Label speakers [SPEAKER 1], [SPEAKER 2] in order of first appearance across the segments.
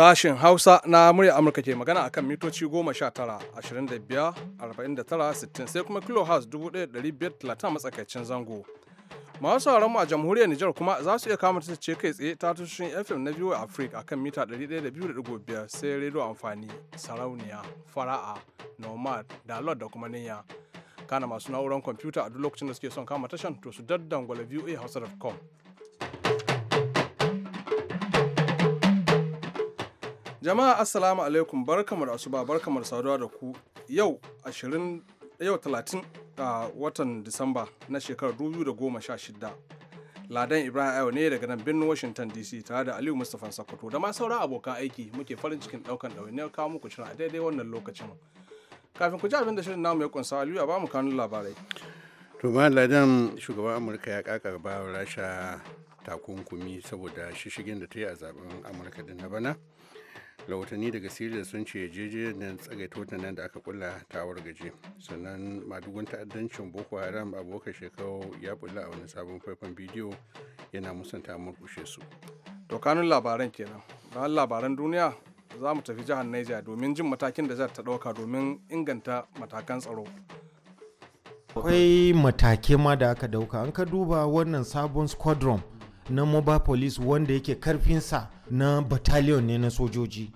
[SPEAKER 1] Sashen Hausa na murya Amurka ke magana akan mitoci 19,25,49,60 25, 49, sai kuma kilohertz 1530 matsakaicin zango. Masu sauran a jamhuriyar Nijar kuma za su iya kama ta ce kai tsaye ta tushen FM na VOA Africa akan mita 102.5 sai rediyo amfani, sarauniya, fara'a, nomad, lord da kuma niyya. Kana masu na'urar kwamfuta a duk lokacin da suke son kama tashan to su daddangwala voa hausa.com. Jama'a Assalamu alaikum barkamu da asuba barkamu da saduwa da ku yau 20 yau 30 a watan Disamba na shekarar 2016. Ladan Ibrahim Ayo ne daga nan birnin Washington DC tare da Aliyu Mustapha Sokoto da ma sauran abokan aiki muke farin cikin daukan ɗawainiyar kawo muku shirin a daidai wannan lokacin. Kafin ku ji abin da shirin namu ya kunsa Aliyu a bamu kanun labarai.
[SPEAKER 2] To Ladan shugaban Amurka ya kakar ba Rasha takunkumi saboda shishigin da ta yi a zaben Amurka din na bana. rahotanni daga siriya sun ce yarjejeniyar tsagaita nan da aka kulla tawar gaji sannan madugun ta'addancin boko haram
[SPEAKER 1] abokan shekau ya bulla a wani sabon faifan bidiyo yana musanta murkushe su to labaran kenan bayan labaran duniya za mu tafi jihar Niger domin jin matakin da jihar ta ɗauka domin inganta matakan tsaro
[SPEAKER 3] akwai matake ma da aka ɗauka an ka duba wannan sabon squadron na mobile police wanda yake karfinsa na battalion ne na sojoji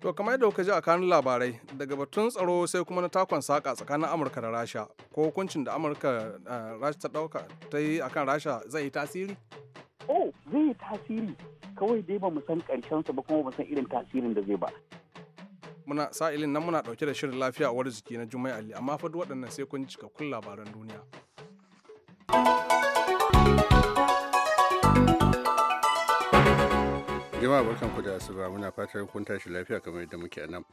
[SPEAKER 1] to kamar yadda kuka ji a kanun labarai daga batun tsaro sai kuma na takon saka tsakanin amurka da rasha ko hukuncin da amurka eh, rasha ta dauka ta yi akan rasha zai yi tasiri oh zai yi
[SPEAKER 4] tasiri kawai dai ba mu san karshen sa ba kuma ba san irin tasirin da zai ba
[SPEAKER 1] muna sa'ilin nan muna dauke da shirin lafiya a jiki na juma'a ali amma fa waɗannan sai kun cikakkun labaran duniya thank you
[SPEAKER 2] jama'a barkanku da asuba muna fatar kun tashi lafiya kamar yadda muke nan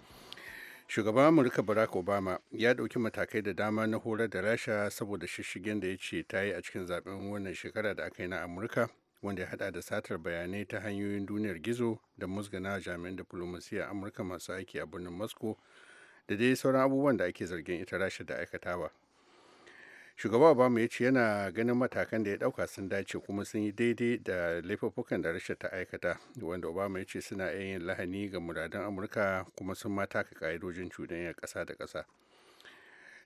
[SPEAKER 2] shugaban amurka barack obama ya dauki matakai da dama na horar da rasha saboda shishigen da ya ce ta yi a cikin zaben wannan shekara da aka yi na amurka wanda ya hada da satar bayanai ta hanyoyin duniyar gizo da musgana jami'an a amurka masu aiki a birnin moscow da dai sauran abubuwan da ake zargin ita rasha da aikatawa shugaba obama ya ce yana ganin matakan da ya dauka sun dace kuma sun yi daidai da laifuffukan da rasha ta aikata wanda obama ya ce suna yin lahani ga muradan amurka kuma sun mata ka ka'idojin cuɗanyar kasa da kasa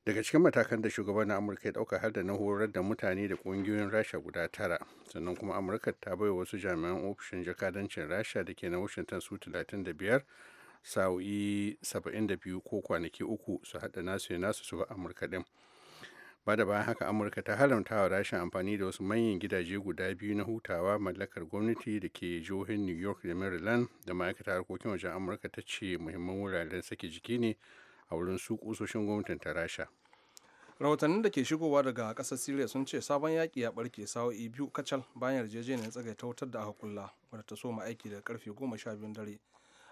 [SPEAKER 2] daga cikin matakan da shugaban amurka ya dauka har da na horar da mutane da kungiyoyin rasha guda tara sannan kuma amurka ta bai wasu jami'an ofishin jakadancin rasha da ke na washington su 35 sa'o'i 72 ko kwanaki uku su haɗa nasu ya nasu su ba amurka ɗin. ba da bayan haka amurka ta haramta wa rashin amfani da wasu manyan gidaje guda biyu na hutawa mallakar gwamnati da ke jihohin new york da maryland da ma'aikatar harkokin wajen amurka ta ce muhimman wuraren sake jiki ne a wurin su kusoshin gwamnatin ta rasha
[SPEAKER 1] rahotannin da ke shigowa daga kasar syria sun ce sabon yaƙi ya barke sa'o'i biyu kacal bayan yarjejeniyar ta wutar da aka kulla wadda ta soma aiki daga karfe goma sha biyun dare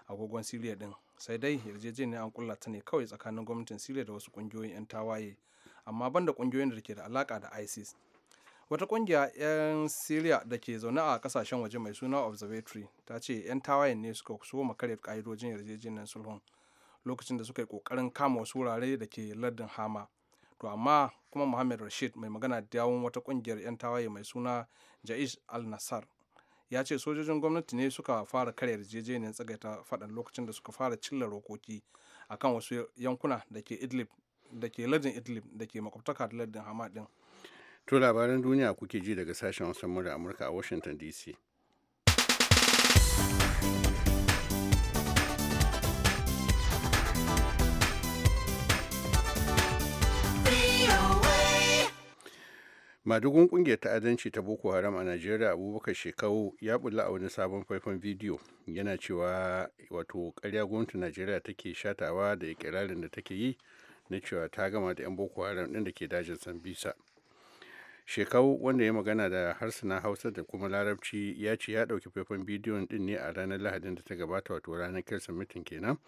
[SPEAKER 1] agogon syria din sai dai yarjejeniyar an kulla ta ne kawai tsakanin gwamnatin syria da wasu kungiyoyin 'yan tawaye amma banda kungiyoyin da ke da alaka da isis wata kungiya 'yan syria da ke zaune a kasashen waje mai suna observatory ta ce 'yan tawayen ne suka so makare ka'idojin yarjejeniyar sulhun lokacin da suka yi kokarin kama wasu wurare da ke lardin hama to amma kuma muhammad rashid mai magana da yawon wata kungiyar 'yan tawaye mai suna ja'ish al-nassar ya ce sojojin gwamnati ne suka fara kare yarjejeniyar tsagaita faɗan lokacin da suka fara cilla rokoki akan wasu yankuna da ke idlib da ke lardin idlib da ke makwabtaka da lardin hama din
[SPEAKER 2] to labaran duniya kuke ji daga sashen wasan murya amurka a washington dc madugun kungiyar ta'addanci ta boko haram a najeriya abubakar shekau ya bulla a wani sabon faifan bidiyo yana cewa wato karya gwamnatin najeriya take shatawa da ikirarin da take yi na cewa ta gama da 'yan boko haram ɗin da ke dajin sambisa shekau wanda ya magana da harsuna hausa da kuma larabci ya ce ya ɗauki faifan bidiyon ɗin ne a ranar lahadin da ta gabata wato ranar mitin kenan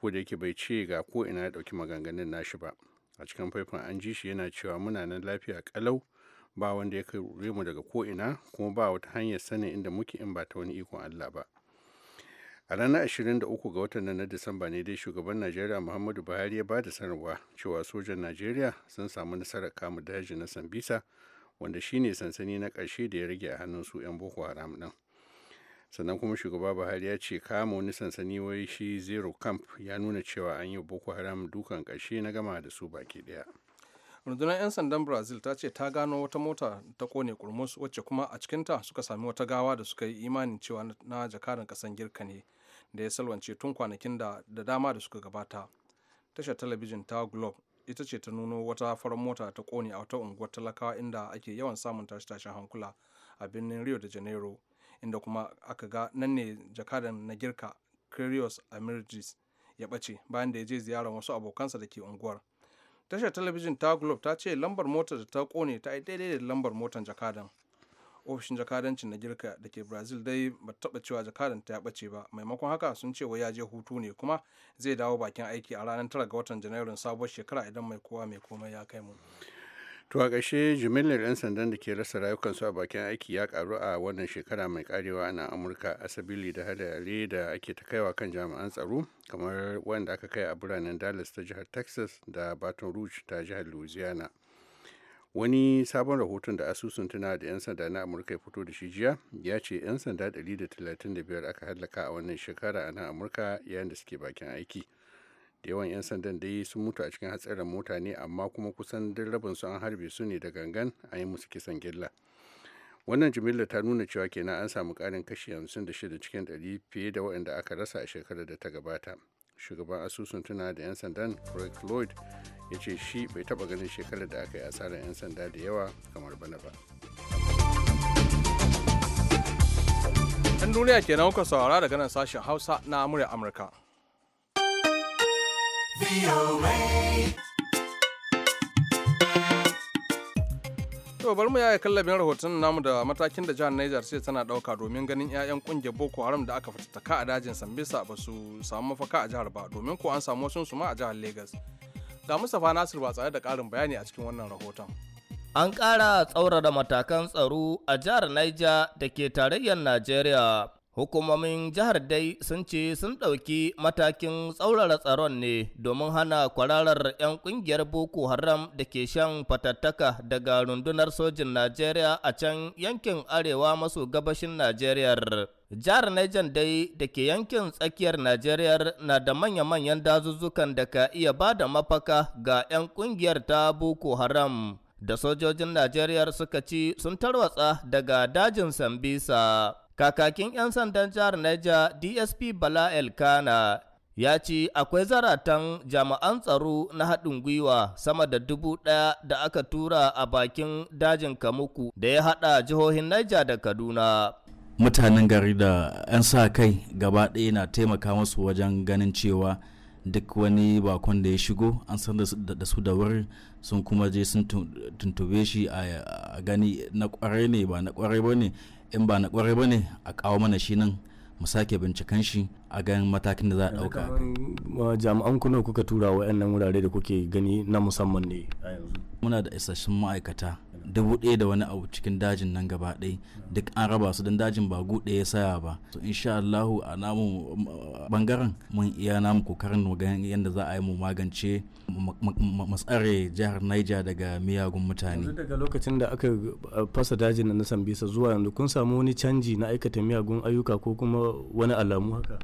[SPEAKER 2] ko da yake bai ce ga ko ina ya ɗauki maganganun nashi ba a cikin faifan an ji shi yana cewa muna nan lafiya kalau ba wanda ya kai mu daga ko ina kuma ba wata hanyar sanin inda muke in ba ta wani ikon allah ba a ranar 23 ga watan nan na disamba ne dai shugaban najeriya muhammadu buhari ya bada sanarwa cewa sojan najeriya sun samu nasarar kama daji na sambisa wanda shine sansani na karshe da ya rage a hannun su 'yan boko haram ɗin sannan kuma shugaba buhari ya ce kama wani sansani wai shi zero camp ya nuna cewa
[SPEAKER 1] an yi boko haram dukan karshe na gama da su baki ɗaya rundunar 'yan sandan brazil ta ce ta gano wata mota ta kone kurmus wacce kuma a cikinta suka sami wata gawa da suka yi imanin cewa na jakarin kasan girka ne da ya salwance tun kwanakin da da dama da suka gabata tashar talabijin ta globe ita ce ta nuno wata farar mota ta kone a wata unguwar talakawa inda ake yawan samun tashe-tashen hankula a birnin rio de janeiro inda kuma aka ga nan ne jakadan na girka a Amirgis ya ɓace bayan da ya je ziyarar wasu abokansa da ke unguwar. Tashar talabijin ta Globe ta ce lambar motar da ta kone ta yi daidai da lambar motar jakadan. ofishin jakadancin na girka da ke brazil dai ba taba cewa jakadanta ya bace ba maimakon haka sun ce wai ya je hutu ne kuma zai dawo bakin aiki a ranar tara ga watan janairun sabuwar shekara idan mai kowa mai komai ya kai mu
[SPEAKER 2] to a ƙarshe jimillar 'yan sandan da ke rasa rayukansu a bakin aiki ya karu a wannan shekara mai karewa ana amurka asabili da hadari da ake ta kaiwa kan jami'an tsaro kamar wanda aka kai a biranen dallas ta jihar texas da baton rouge ta jihar louisiana wani sabon rahoton da asusun tuna da 'yan sanda na amurka ya fito da shi jiya ya ce 'yan sanda 135 aka hallaka a wannan shekara a nan amurka yayin da suke bakin aiki da yawan 'yan sandan dai sun mutu a cikin hatsarin mota ne amma kuma kusan duk su an harbe su ne da gangan a yi musu kisan gilla wannan jimillar ta nuna cewa kenan an samu karin kashi 56 cikin 100 fiye da waɗanda aka rasa a shekarar da ta gabata shugaban asusun tuna da 'yan sandan craig lloyd ya ce shi bai taba ganin shekarar da aka yi asarar 'yan sanda da
[SPEAKER 1] yawa kamar bana ba yan duniya ke kenan kuka saurara daga nan sashen hausa na amurya amurka To bari mu yaya na rahoton namu da matakin da jihar Niger sai tana dauka domin ganin 'ya'yan kungiyar Boko Haram da aka fitattaka a dajin Sambisa ba su samu mafaka a jihar ba domin ko an samu wasu su ma a jihar Lagos. Ga Mustapha Nasir ba tsare da karin bayani a cikin wannan rahoton.
[SPEAKER 5] An kara tsaurara matakan tsaro a jihar Niger da ke tarayyar Najeriya Hukumomin jihar dai sun ce sun ɗauki matakin tsaurara tsaron ne domin hana kwararar 'yan ƙungiyar Boko Haram da ke shan fatattaka daga rundunar sojin Najeriya a can yankin arewa maso gabashin Najeriya. Jihar Niger dai da ke yankin tsakiyar Najeriya na da manya-manyan dazuzzukan da ka iya ba da mafaka ga 'yan ƙungiyar ta Boko Haram da sojojin Najeriya suka ci sun tarwatsa daga dajin Sambisa. Kakakin 'yan sandan jihar Niger DSP Bala Elkana ya ce akwai zaratan jami'an tsaro na haɗin gwiwa sama da dubu ɗaya da aka tura a bakin dajin Kamuku da ya haɗa jihohin Niger da Kaduna. Mutanen gari da 'yan sa kai gaba ɗaya na taimaka masu wajen ganin cewa duk wani bakon da ya shigo an san da su da wuri sun kuma je sun tuntube shi a gani na kwarai ne ba na kwarai ba ne in ba na kwarai ba ne a kawo mana shi nan mu sake bincikan shi a ganin matakin da za a dauka jami'an kuna kuka tura wa wurare da kuke gani na musamman ne muna da isassun ma'aikata dubu ɗaya da wani abu cikin dajin nan gaba ɗaya duk an raba su don dajin ba gu ɗaya saya ba to insha Allahu a namu bangaren mun iya namu kokarin mu ganin yadda za a yi mu magance matsare jihar Niger daga miyagun mutane yanzu daga lokacin da aka fasa dajin nan na Sambisa zuwa yanzu kun samu wani canji na aikata miyagun ayyuka ko kuma wani alamu haka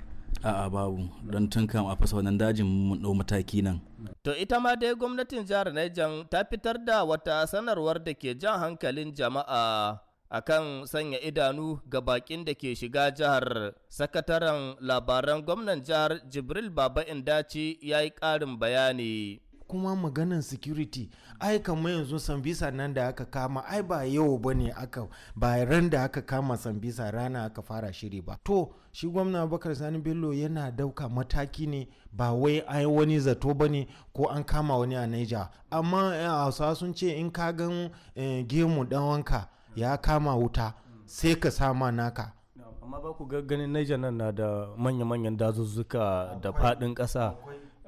[SPEAKER 5] a'a babu don tun kam a fasa wannan dajin mun ɗau mataki nan to ita ma dai gwamnatin jihar Niger ta fitar da wata sanarwar da ke jan hankalin jama'a akan sanya idanu ga bakin da ke shiga jihar sakataren labaran gwamnan jihar jibril baba indaci ya yi ƙarin bayani
[SPEAKER 3] kuma maganan security ai kamar yanzu sambisa nan da aka kama ai ba yau ba ne aka ba da aka kama sambisa rana aka fara shiri ba to shi gwamna bakar sani bello yana dauka mataki ne ba wai ai wani zato ba ne ko an kama wani a naija amma eh, hausawa sun ce in ka gan eh, gemu dan wanka ya kama wuta sai ka sama naka
[SPEAKER 5] amma ba ku ganin naija nan na da manya-manyan dazuzzuka da faɗin ƙasa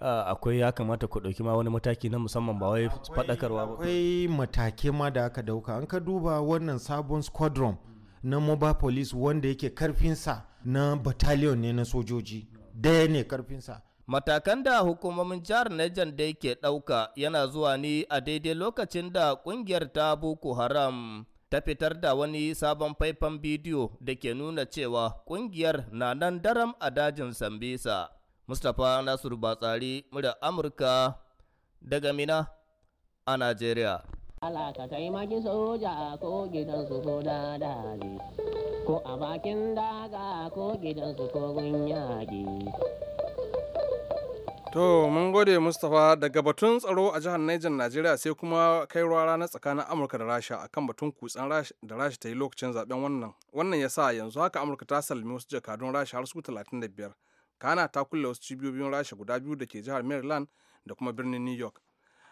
[SPEAKER 5] Ah, akwai ya kamata ku ɗauki ma wani mataki na musamman ba wai faɗakarwa ba akwai matake ma
[SPEAKER 3] da aka dauka an ka duba wannan sabon squadron na mobile police wanda yake karfinsa na battalion ne na sojoji daya ne karfinsa
[SPEAKER 5] Matakan da hukumomin jihar Niger da yake ɗauka yana zuwa ne a daidai lokacin da ƙungiyar ta Boko Haram ta fitar da wani sabon faifan bidiyo da ke nuna cewa ƙungiyar na nan daram a dajin Sambisa. Mustapha Nasiru Batsari murya Amurka daga Mina a Najeriya. Allah ka maki
[SPEAKER 6] soja ko gidan su ko dadali ko a bakin daga ko gidan su ko gunyaki.
[SPEAKER 1] To mun gode Mustapha daga batun tsaro a jihar Niger Najeriya sai kuma kai ruwa rana tsakanin Amurka da Rasha akan batun kutsen da Rasha ta yi lokacin zaben wannan. Wannan ya sa yanzu haka Amurka ta salmi wasu jakadun Rasha har su 35 kana ta kulle wasu cibiyoyin rasha guda biyu da ke jihar maryland da kuma birnin new york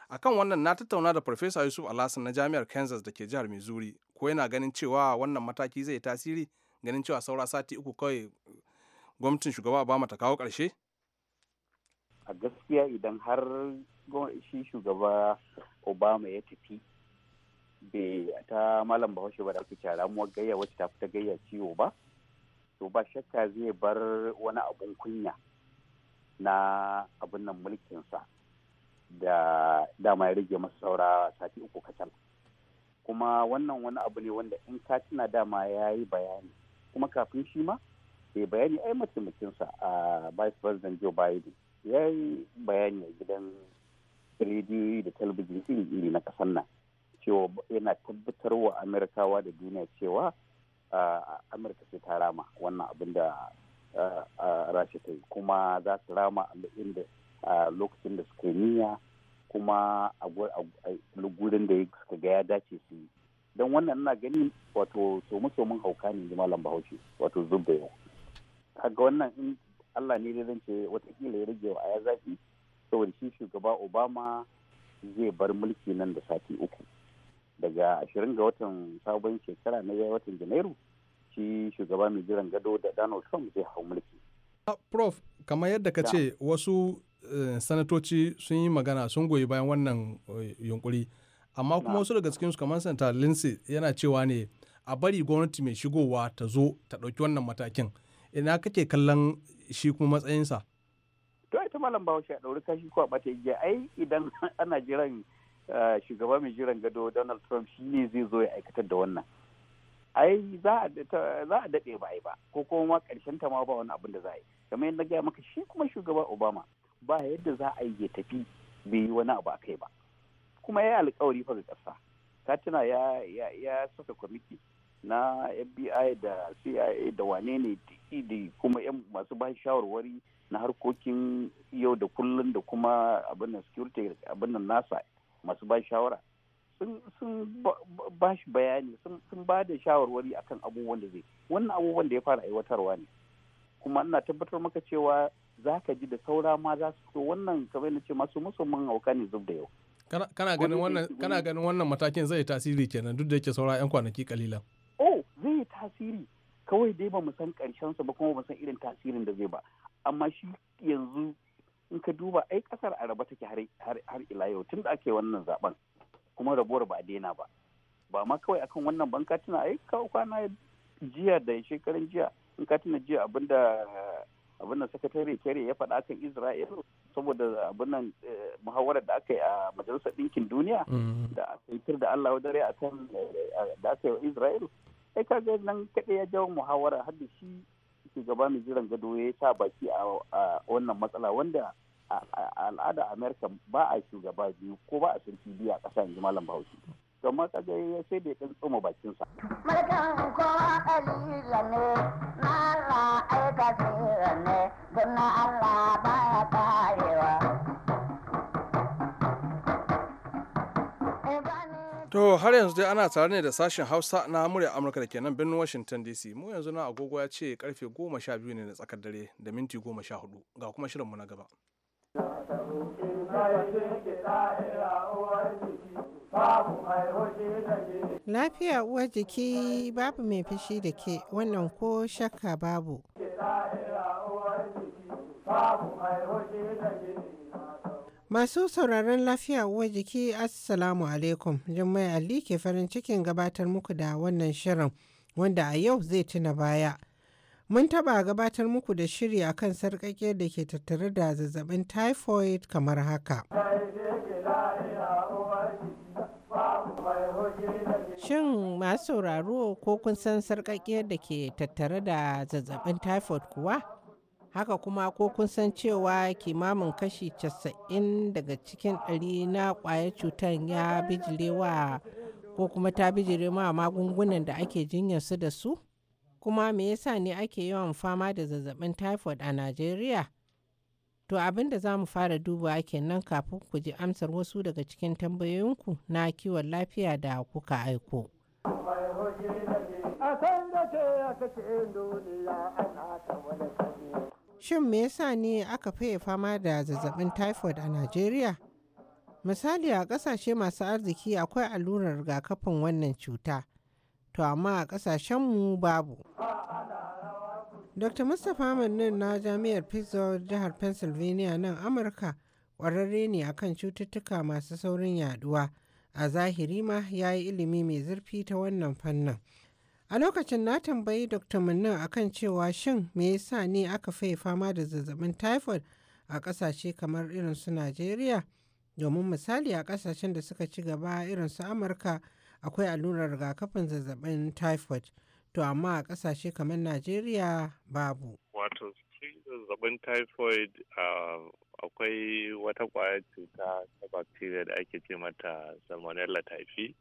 [SPEAKER 1] a kan wannan na tattauna da farfesa yusuf alhassan na jami'ar kansas da ke jihar missouri ko yana ganin cewa wannan mataki zai tasiri ganin cewa saura sati uku kawai gwamnatin shugaba obama ta kawo karshe. a gaskiya
[SPEAKER 4] idan har shi shugaba obama ya tafi bai ta malam bahaushe ba da ake ramuwar gayya wacce ta fi ta gayya ciwo ba to ba shakka zai bar wani abun kunya na abin nan mulkinsa da dama ya rage masa saura sati uku kacal kuma wannan wani abu ne wanda in ka tuna dama ya yi bayani kuma kafin shi ma bai bayani ai mataimakinsa a vice president joe biden ya yi bayani a gidan rediyoyi da talabijin iri-iri na kasar nan cewa yana tabbatar wa amurkawa da duniya cewa amurka sai ta rama wannan abin da rasha ta yi kuma za su rama inda lokacin da suka niyya kuma a gurin da suka ga ya dace su yi don wannan ina gani wato somu hauka ne lamba bahaushe wato zubda yau kaga wannan in allah ne zan ce watakila ya rage wa aya zafi saboda shi shugaba obama zai bar mulki nan da sati uku daga ashirin ga watan sabon shekara na watan janairu shi shugaba mai jiran gado da donald trump zai hau mulki
[SPEAKER 1] ah, prof kamar yadda ka ce wasu eh, sanatoci sun yi magana sun goyi bayan wannan eh, yunkuri amma kuma wasu daga cikin cikinsu kamar santa lindsay yana cewa ne a bari gwamnati mai shigowa ta zo ta ɗauki wannan matakin ina kake kallon shi kuma matsayinsa
[SPEAKER 4] to ita malam bahaushe a ɗauri kashi ko a ɓata igiya ai idan ana jiran Eh, shugaba mai jiran gado Donald Trump shi ne zai zo ya aikatar da wannan. Ai za a daɗe ba ba ko kuma ƙarshen ta ma ba wani abin da za a yi. Kamar yadda gaya maka shi kuma shugaba Obama ba yadda za a yi ya tafi bai yi wani abu a kai ba. Kuma ya yi alkawari fa ga ƙasa. Katina ya, ya saka kwamiti na FBI da CIA da wane ne da kuma masu ba shawarwari na harkokin yau da kullun da kuma abin security abin nasa masu ba shawara sun ba shi bayani sun ba da shawarwari akan abubuwan da zai wannan abubuwan da ya fara aiwatarwa ne kuma ina tabbatar maka cewa za ka ji da saura ma za su so wannan kamar na ce masu musamman hauka ne zub da yau
[SPEAKER 1] kana ganin wannan matakin zai tasiri kenan duk da yake saura yan kwanaki kalilan
[SPEAKER 4] oh zai yi tasiri kawai dai ba mu san karshen sa ba kuma ba san irin tasirin da zai ba amma shi yanzu in ka duba ai kasar a take har ila yau tun da ake wannan zaben kuma rabuwar ba a daina ba ba ma kawai akan wannan ban ka tuna ai kwana jiya da shekarun jiya in ka tuna jiya abinda abinda sakatare kere ya faɗa kan isra'il saboda abinnan eh, muhawarar da aka yi a majalisar ɗinkin duniya mm. da aka yi da allah dare a kan eh, da aka yi wa isra'il ai kaga nan kaɗai ya jawo muhawara har da shi shugaba mai jiran gado ya sa baki a wannan matsala wanda a al'ada amerika ba a shugaba biyu ko ba a sarki biyu a ƙasa yanzu malam bahaushe to amma ya sai da ya ɗan tsoma bakinsa. mulkin kowa ƙalila ne na Allah aika ne don Allah baya karewa.
[SPEAKER 1] To har yanzu dai ana tare ne da sashen Hausa na murya Amurka da ke nan birnin Washington DC. Mu yanzu na agogo ya ce karfe goma sha biyu ne na tsakar dare da minti goma sha hudu ga kuma shirinmu na gaba.
[SPEAKER 6] Lafiya uwar jiki babu mai fushi da ke wannan ko shakka babu.
[SPEAKER 4] Babu mai da ke
[SPEAKER 6] Masu sauraron lafiya uwa jiki Assalamu alaikum Jummai Ali ke farin cikin gabatar muku da wannan shirin wanda a yau zai tuna baya. Mun taba gabatar muku da shiri akan sarƙaƙe da ke tattare da zazzabin typhoid kamar haka. Shin masu sauraro ko kun san sarƙaƙe da ke tattare da zazzabin typhoid kuwa? haka kuma ko kun san cewa kimamin kashi 90 daga cikin ɗari na kwayar cutar ya bijirewa ko kuma ta bijire ma magungunan da ake jinyar su da su kuma me yasa ne ake yawan fama da zazzabin typhoid a najeriya to abin da za mu fara duba kenan kafin ku ji amsar wasu daga cikin tambayoyinku na kiwon lafiya da kuka aiko
[SPEAKER 4] a san da ke ya kake duniya ana ta wani
[SPEAKER 6] Shin me yasa ne aka faye fama da zazzabin typhoid a Najeriya? Misali a ƙasashe masu arziki akwai allurar rigakafin wannan cuta, to amma a ƙasashenmu babu. Dr. Mustapha Mannin na Jami'ar Pittsburgh jihar Pennsylvania nan Amurka ƙwararre ne a kan cututtuka masu saurin yaduwa. A zahiri ma ya yi ilimi mai zurfi ta wannan fannin. A lokacin na tambayi Dr. a akan cewa shin me yasa ne aka fai fama da zazzabin typhoid a ƙasashe kamar irin su Najeriya? Domin misali a ƙasashen da suka ci gaba irin su Amurka akwai allurar rigakafin zazzabin typhoid. To amma a ƙasashe kamar Najeriya babu.
[SPEAKER 7] Wato zazzabin typhoid akwai wata ƙwayar cuta ta bacteria da ake ce mata salmonella typhi.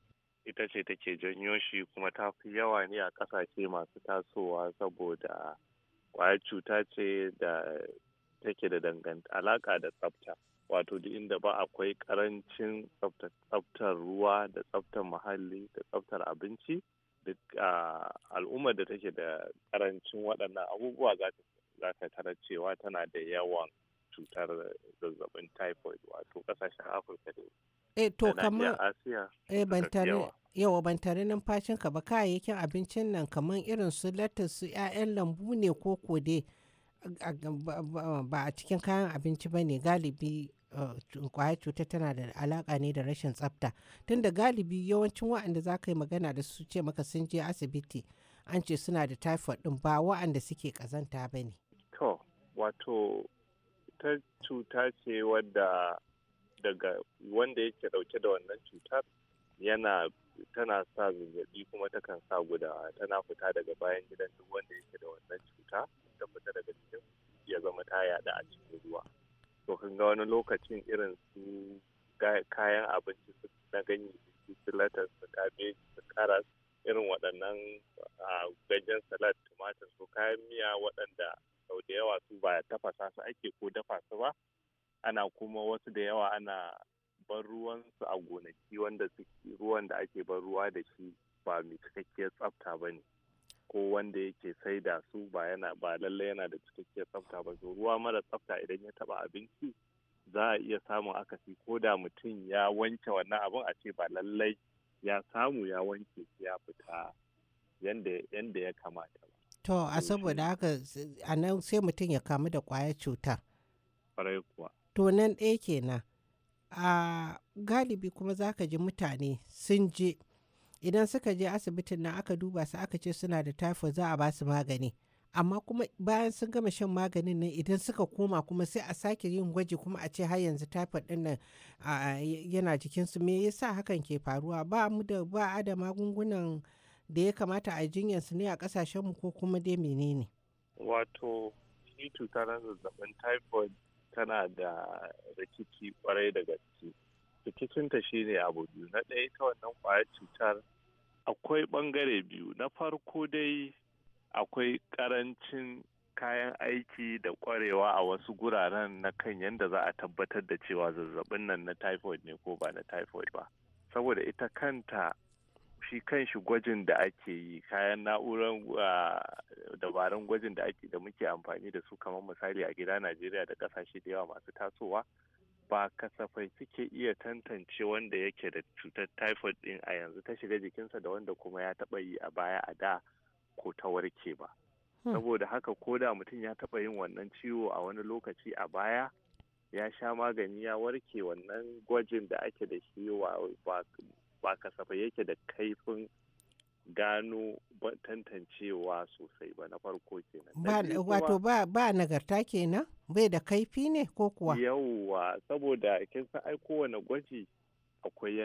[SPEAKER 7] ita ce take janyo shi kuma ta fi yawa ne a ƙasashe masu tasowa saboda ƙwayar cuta ce da take da danganta alaƙa da tsafta wato duk inda ba akwai ƙarancin tsaftar ruwa da tsaftar muhalli da tsaftar abinci duk al'ummar da take da ƙarancin waɗannan abubuwa za ka tara cewa tana da yawan cutar zazzabin typhoid wato ƙasashen afirka da
[SPEAKER 6] eh to kamar eh ban tare yawa ban numfashin ka ba kayayyakin abincin nan kamar irin su lettuce su 'ya'yan lambu ne ko kode ba a cikin kayan abinci ba ne galibi eh, kwaya cuta tana da alaka ne da rashin tsafta tunda galibi yawancin wa'anda za ka yi magana da su ce maka sun je asibiti an ce suna da typhoid din ba wa'anda suke kazanta ba ne
[SPEAKER 7] to wato ta cuta ce wadda daga wanda yake dauke da wannan cutar yana tana sa zazzabi kuma takan sa gudawa tana fita daga bayan gidan duk wanda yake da wannan cuta ta fita daga cikin ya zama ta yada a cikin ruwa to kun ga wani lokacin irin su kayan abinci su na ganye su latas su kabeji su karas irin waɗannan gajen salad tumatir su kayan miya waɗanda sau da yawa su ba tafasa su ake ko dafa su ba ana kuma wasu da yawa ana ban ruwansu a gonaki wanda ruwan da ake ban ruwa da shi ba mai cikakkiyar tsafta ba ne ko wanda yake sai da su ba yana ba lalle yana da cikakkiyar tsafta ba so ruwa mara tsafta idan ya taba abinci za a iya samun akasi ko da mutum ya wanke wannan abin a ce ba lallai ya samu ya wanke ya fita yanda ya kamata to a saboda haka
[SPEAKER 6] anan nan sai mutum ya kamu da kwayar cuta kwarai kuwa to nan ɗaya kenan a galibi kuma za ka ji mutane sun je idan suka je asibitin nan aka duba su aka ce suna da typhoid za a ba su magani amma kuma bayan sun gama shan maganin nan idan suka koma kuma sai a sake yin gwaji kuma a ce har yanzu typhoid din nan yana jikinsu me yasa hakan ke faruwa ba mu da ba a da magungunan da ya kamata a jinyar su ne a kasashen mu ko kuma dai menene
[SPEAKER 7] wato shi cutar zazzabin typhoid tana da rikici kwarai da gaske rikicinta shine abu biyu na ɗaya ta wannan kwayar cutar akwai ɓangare biyu na farko dai akwai ƙarancin kayan aiki da ƙwarewa a wasu guraren na kan yadda za a tabbatar da cewa zazzabin nan na typhoid ne ko ba na typhoid ba saboda ita kanta shi kan shi gwajin da ake yi kayan na'urar ah, dabarun gwajin da ake da muke amfani da su kamar misali a gida najeriya da kasashe da yawa masu tasowa ba kasafai suke iya tantance wanda yake da cutar typhoid din a yanzu ta shiga jikinsa da wanda kuma ya taba yi a baya a da ko ta warke ba hmm. saboda haka ko da mutum ya taba yin wannan ciwo a wani lokaci a baya ya sha magani ya warke wannan gwajin da ake da shi ba kasafa yake da kaifin gano tantancewa sosai ba na farko
[SPEAKER 6] kenan. Wato ba, nagarta kenan bai da kaifi ne ko kuwa?
[SPEAKER 7] Yawwa saboda kin san ai kowane gwaji akwai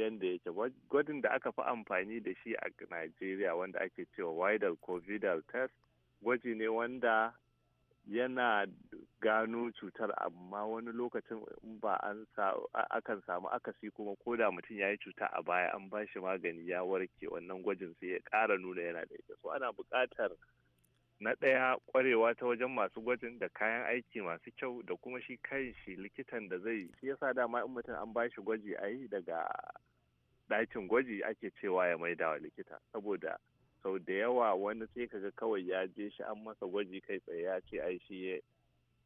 [SPEAKER 7] yanda eh, yake gwajin da aka fi amfani da shi a Najeriya wanda ake cewa widal covidal test gwaji ne wanda yana gano cutar amma wani lokacin ba an akan samu akasi kuma ko da mutum ya yi cuta a baya an ba shi magani ya warke wannan gwajin sai ya kara nuna yana da ita so ana buƙatar na ɗaya kwarewa ta wajen masu gwajin da kayan aiki masu kyau da kuma shi kai shi likitan da zai shi yasa dama in mutum an ba shi gwaji a yi daga ɗakin gwaji ake cewa ya maida wa likita saboda sau da yawa wani sai kaga kawai ya je shi an masa gwaji kai tsaye ya ce ai shi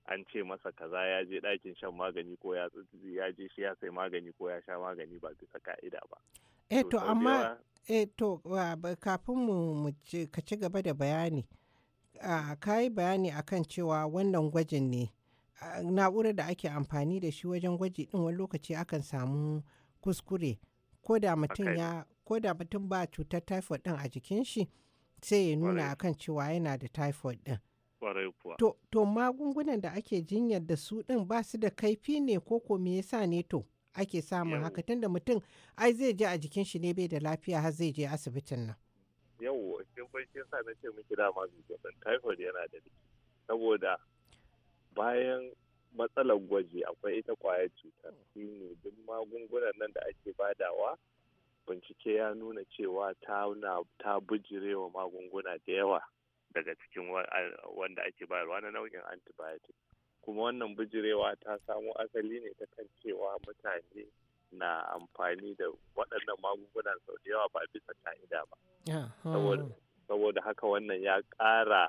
[SPEAKER 7] an ce masa kaza ya je ɗakin shan magani ko ya ya je shi ya sai magani ko ya sha magani ba bisa ka'ida ba. Eh to amma
[SPEAKER 6] eh to kafin mu ka ci gaba da bayani ka yi bayani akan cewa wannan gwajin ne na'urar da ake amfani da shi wajen gwaji din wani lokaci akan samu kuskure ko da mutum ya ko da mutum ba cutar typhoid din a jikin shi sai ya nuna akan cewa yana da typhoid din to, magungunan da ake jinyar da su din ba su da kaifi ne ko ko me yasa ne to ake samun haka tunda mutum ai zai je a jikin shi ne bai da lafiya har zai je asibitin nan
[SPEAKER 7] yau kin farki sa na ce miki dama zazzabin typhoid yana da liki saboda bayan matsalar gwaji akwai ita kwayar cutar ne duk magungunan nan da ake badawa bincike ya nuna cewa ta bijirewa magunguna da yawa daga cikin wanda ake bayarwa na nau'in antibiotic kuma wannan bijirewa ta samo asali ne ta kan cewa mutane na amfani da waɗannan magungunan sau da yawa ba bisa ka'ida
[SPEAKER 6] ba
[SPEAKER 7] saboda haka wannan ya ƙara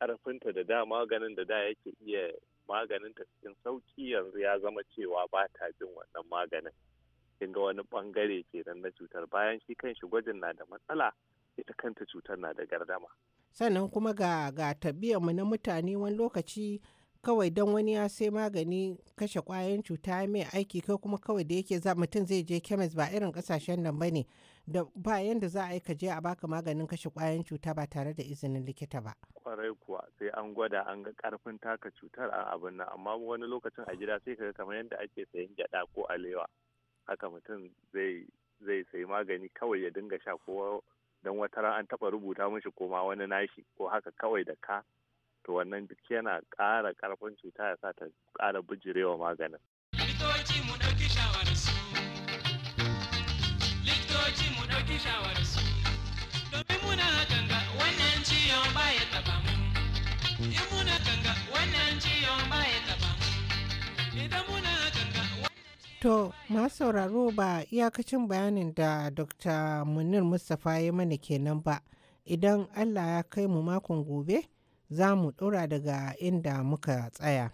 [SPEAKER 7] ƙarfinta da da maganin da da yake iya maganinta cikin sauƙi yanzu ya zama cewa ba ta jin wannan maganin kin ga wani bangare ke nan na cutar bayan shi kanshi gwajin na da matsala ita kanta cutar na da gardama
[SPEAKER 6] sannan kuma ga ga mu na mutane wani lokaci kawai don wani ya sai magani kashe kwayoyin cuta mai aiki kai kuma kawai da yake za mutum zai je kemis ba irin kasashen nan ba ne da ba yanda za a yi ka je a baka maganin kashe kwayoyin cuta ba tare da izinin likita ba
[SPEAKER 7] kwarai kuwa sai an gwada an ga karfin taka cutar a abin nan amma wani lokacin a gida sai ka kamar yadda ake sayan gyaɗa ko alewa haka mutum zai zai sai magani kawai ya dinga sha ko don wata ran an taɓa rubuta mishi ko wani nashi ko haka kawai da ka to wannan duk yana ƙara ƙarfin cuta ya sa ta ƙara bijirewa maganin.
[SPEAKER 6] Likitoci mu ɗauki shawararsu. Likitoci mu ɗauki shawararsu. Domin muna ganga wannan ciyon ba ya taɓa mu. In muna ganga wannan ciyon ba ya taɓa mu. Idan muna To, ma sauraro ba iyakacin bayanin da Dr. Munir Mustapha ya mana kenan ba, idan Allah ya kai mu makon gobe za mu ɗora daga inda muka tsaya.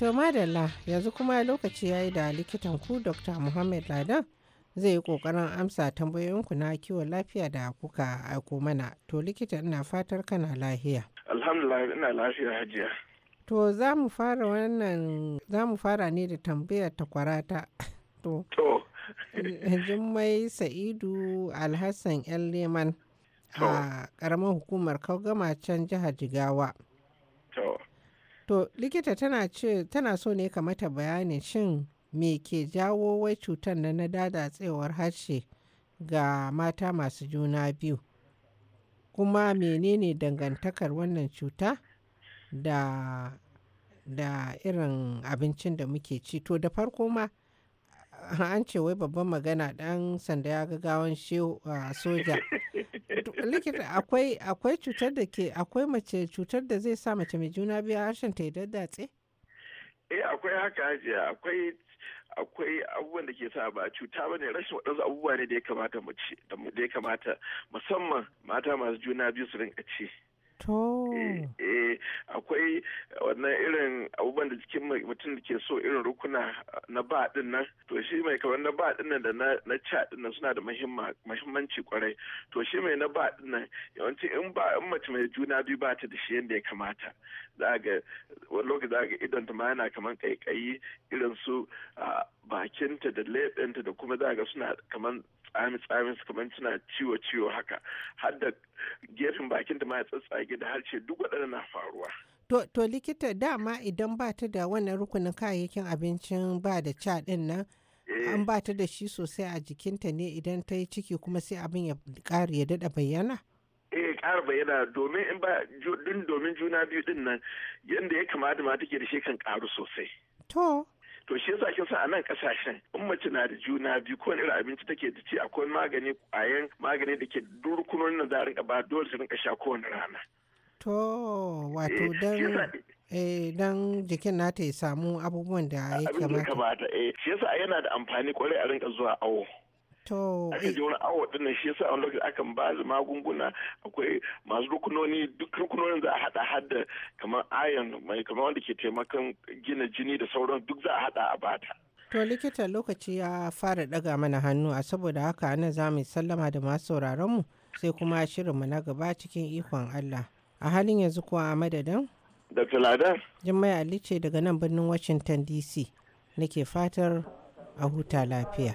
[SPEAKER 6] To madalla yanzu kuma lokaci ya yi da likitan ku Dr. Muhammad Ladan zai yi ƙoƙarin amsa tambayoyinku na kiwon lafiya da kuka aiko mana. To likita ina fatar kana lahiya.
[SPEAKER 8] Alhamdulillah ina lafiya hajiya.
[SPEAKER 6] To za mu fara wannan za mu fara ne da tambayar takwarata. To. To. Eh, Jummai Sa'idu Alhassan ‘yan Leman a ƙaramar hukumar Kaugama can jihar Jigawa. To. likita tana tana so ne ka mata bayanin shin me ke jawo wai cutar na na dadatsewar harshe ga mata masu juna biyu. Kuma menene dangantakar wannan cuta da, da irin abincin da muke ci. To da farko ma an ce wai babban magana dan sanda ya ga gawan soja. Likita akwai, akwai cutar da ke akwai mace cutar da zai sa mace mai juna biyu harshen ta ya daddatse?
[SPEAKER 8] Eh akwai haka hajiya akwai akwai abubuwan da ke sa ba cuta ba ne rashin waɗansu abubuwa ne da ya kamata mace da ya kamata musamman mata masu juna biyu su rinka ci.
[SPEAKER 5] To. Eh,
[SPEAKER 8] eh, akwai wannan irin abubuwan da jikin mutum da ke so irin rukuna na ba din nan. To shi mai kamar na ba din nan da na ca din nan suna da mahimmanci kwarai. To shi mai na ba din nan yawanci in ba in mace mai juna biyu ba ta da shi yadda ya kamata. Za ga wani lokaci za ga idon ta ma yana kamar kaikayi irin su ah, bakinta da leɓenta da kuma za ga suna kamar tsami tsami su kamar suna ciwo ciwo haka har da gefen bakin ta ma ya tsatsage da harshe duk waɗanda na faruwa.
[SPEAKER 6] To, likita dama idan ba ta da wannan rukunin kayayyakin abincin ba da ca ɗin nan eh. an ba ta da shi sosai a jikinta ne idan ta yi ciki kuma sai abin ya ƙara ya daɗa bayyana?
[SPEAKER 8] eh ƙara bayyana domin in ba domin juna biyu ɗin nan yadda ya kamata ma take da shi kan ƙaru sosai. To. to shi yasa kin sa a nan kasashen in mace na da juna biyu ko irin abinci take da ci akwai magani kwayan magani da ke durkunonin da za a rinka ba dole su rinka sha kowane rana
[SPEAKER 6] to wato dan eh dan eh, jikin nata ya samu abubuwan da ya
[SPEAKER 8] kamata eh shi yasa yana da amfani kwarai a rinka zuwa awo
[SPEAKER 6] To aka je
[SPEAKER 8] wani awa din shi yasa wani lokaci akan ba da magunguna akwai masu rukunoni duk rukunonin za a hada hada kamar iron mai kamar wanda ke taimakon gina jini da sauran duk za a hada a bata.
[SPEAKER 6] To likita lokaci ya fara daga mana hannu a saboda haka ana za mu sallama da masu sauraron mu sai kuma shirin mu na gaba cikin ikon Allah. A halin yanzu kuwa a madadin? Dr. Lada. Jummai Ali ce daga nan birnin Washington DC. Nake fatar a huta lafiya.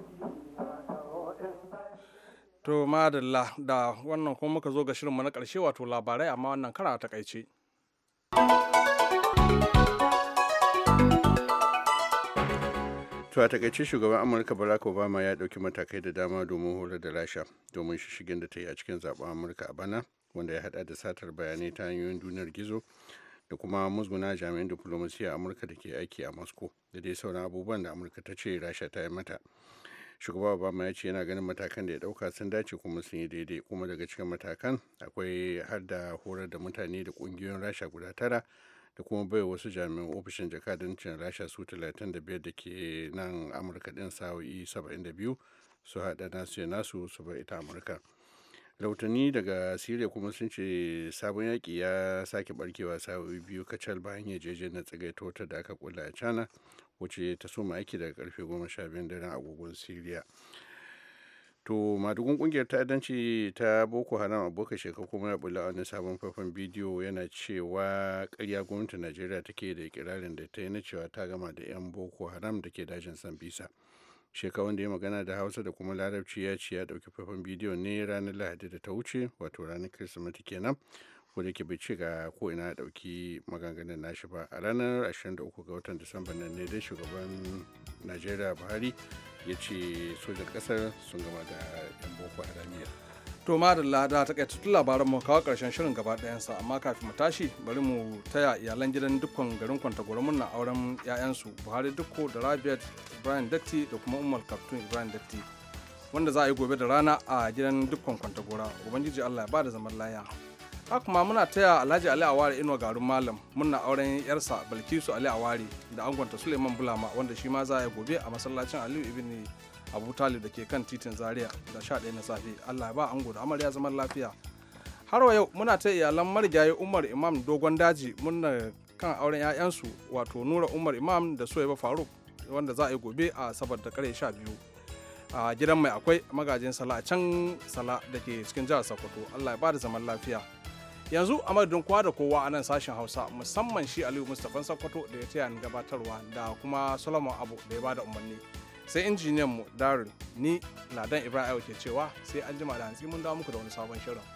[SPEAKER 1] To madalla da wannan kuma muka zo ga shirinmu na ƙarshe wato labarai amma wannan kara ta kaice.
[SPEAKER 2] To a takaice shugaban Amurka Barack Obama ya dauki matakai da dama domin horar da Rasha domin shishigin da ta yi a cikin zaben Amurka a bana wanda ya hada da satar bayanai ta hanyoyin duniyar gizo da kuma musguna jami'an diplomasiya Amurka da ke aiki a Moscow da dai sauran abubuwan da Amurka ta ce Rasha ta yi mata. shugaba obama ya ce yana ganin matakan da ya dauka sun dace kuma sun yi daidai kuma daga cikin matakan akwai har da horar da mutane da kungiyoyin rasha guda tara da kuma bai wasu jami'an ofishin jakadancin rasha su 35 da ke nan amurka din sa'o'i 72 su haɗa nasu ya nasu su bai ita amurka rautani daga siriya kuma sun ce sabon yaƙi ya sake barkewa sa'o'i biyu kacal bayan yajejen na tsagaito ta da aka kula a cana wuce ta soma aiki daga karfe goma sha biyun daren agogon siriya to madugun kungiyar ta'addanci ta boko haram abokan shekaru kuma ya bula wani sabon faifan bidiyo yana cewa karya gwamnatin najeriya take da kirarin da ta yi na cewa ta gama da 'yan boko haram da ke dajin sambisa shekaru wanda ya magana da hausa da kuma larabci ya ci ya dauki faifan bidiyo ne ranar lahadi da ta wuce wato ranar kirsimeti kenan ko da ke bai ci ga ko ina ya dauki maganganun nashi ba a ranar 23 ga watan disamba nan ne dai shugaban najeriya buhari ya ce sojan
[SPEAKER 1] kasar sun gama
[SPEAKER 2] da yan boko haramiyar
[SPEAKER 1] to madalla da ta kai tutun labaran mu kawo karshen shirin gaba ɗayansa amma kafin mu tashi bari mu taya iyalan gidan dukkan garin kwanta kwantagoro na auren 'ya'yansu buhari dukko da rabiat ibrahim datti da kuma umar kaftun ibrahim datti wanda za a yi gobe da rana a gidan dukkan gora ubangiji allah ya ba da zaman laya haka kuma muna taya alhaji ali aware inuwa garin malam muna auren yarsa balkisu ali aware da angonta suleiman bulama wanda shi ma za a gobe a masallacin aliyu ibn abu talib da ke kan titin zaria da 11 na safe allah ya ba ango da amarya zaman lafiya har wa yau muna taya iyalan marigayi umar imam dogon daji muna kan auren 'ya'yansu wato nura umar imam da suwaiba faruk wanda za a yi gobe a sabar da kare sha biyu a gidan mai akwai magajin sala can sala da ke cikin jihar sokoto allah ya ba da zaman lafiya yanzu a madadin kowa da kowa a nan sashen hausa musamman shi aliyu mustapha sakwato da ya taya ni gabatarwa da kuma solomon abu da ya bada umarni sai injiniyan mu darin ni ladan ibrahim ke cewa sai an jima da hantsi mun dawo muku da wani sabon shirin